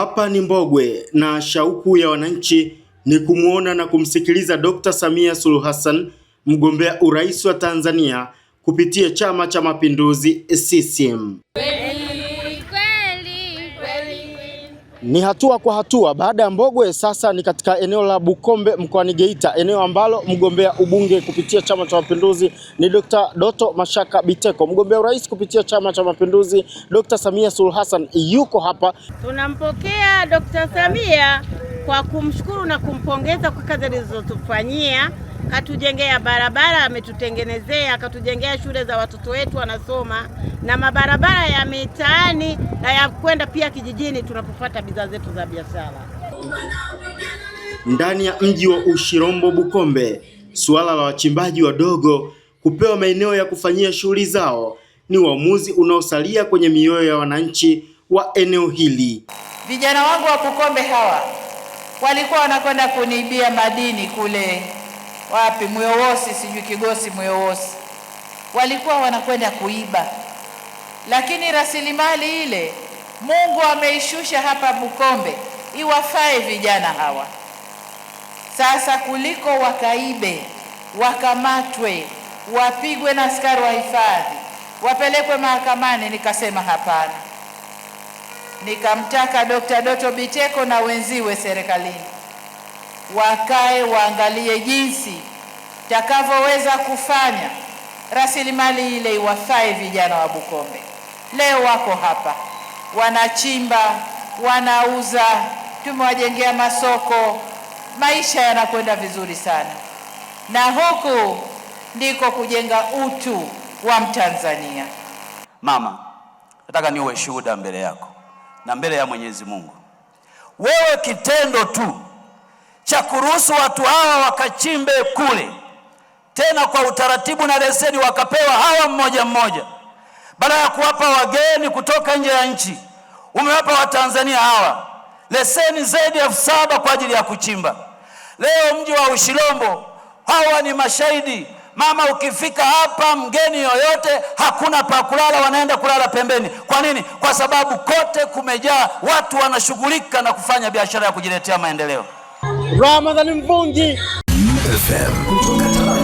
Hapa ni Mbogwe na shauku ya wananchi ni kumwona na kumsikiliza Dr. Samia Suluhu Hassan mgombea urais wa Tanzania kupitia Chama cha Mapinduzi CCM. Ni hatua kwa hatua. Baada ya Mbogwe, sasa ni katika eneo la Bukombe mkoani Geita, eneo ambalo mgombea ubunge kupitia Chama cha Mapinduzi ni Dr. Doto Mashaka Biteko, mgombea urais kupitia Chama cha Mapinduzi Dr. Samia Suluhu Hassan yuko hapa. Tunampokea Dr. Samia kwa kumshukuru na kumpongeza kwa kazi alizotufanyia katujengea barabara, ametutengenezea, akatujengea shule za watoto wetu wanasoma, na mabarabara ya mitaani na ya kwenda pia kijijini tunapofuata bidhaa zetu za biashara. Ndani ya mji wa Ushirombo Bukombe, suala la wachimbaji wadogo kupewa maeneo ya kufanyia shughuli zao ni uamuzi unaosalia kwenye mioyo ya wananchi wa eneo hili. Vijana wangu wa Bukombe hawa walikuwa wanakwenda kuniibia madini kule wapi Mwowosi, sijui Kigosi, Mwowosi, walikuwa wanakwenda kuiba, lakini rasilimali ile Mungu ameishusha hapa Bukombe iwafae vijana hawa. Sasa kuliko wakaibe, wakamatwe, wapigwe na askari wa hifadhi, wapelekwe mahakamani, nikasema hapana. Nikamtaka Dr. Doto Biteko na wenziwe serikalini wakae waangalie jinsi takavyoweza kufanya rasilimali ile iwafae vijana wa Bukombe. Leo wako hapa wanachimba, wanauza, tumewajengea masoko, maisha yanakwenda vizuri sana, na huku ndiko kujenga utu wa Mtanzania. Mama, nataka niwe shuhuda mbele yako na mbele ya Mwenyezi Mungu, wewe kitendo tu cha kuruhusu watu hawa wakachimbe kule, tena kwa utaratibu na leseni wakapewa hawa mmoja mmoja, baada ya kuwapa wageni kutoka nje ya nchi, umewapa Watanzania hawa leseni zaidi ya elfu saba kwa ajili ya kuchimba. Leo mji wa Ushirombo, hawa ni mashahidi. Mama, ukifika hapa, mgeni yoyote, hakuna pa kulala, wanaenda kulala pembeni. Kwa nini? Kwa sababu kote kumejaa watu wanashughulika na kufanya biashara ya kujiletea maendeleo. Ramadhani Mvungi FM.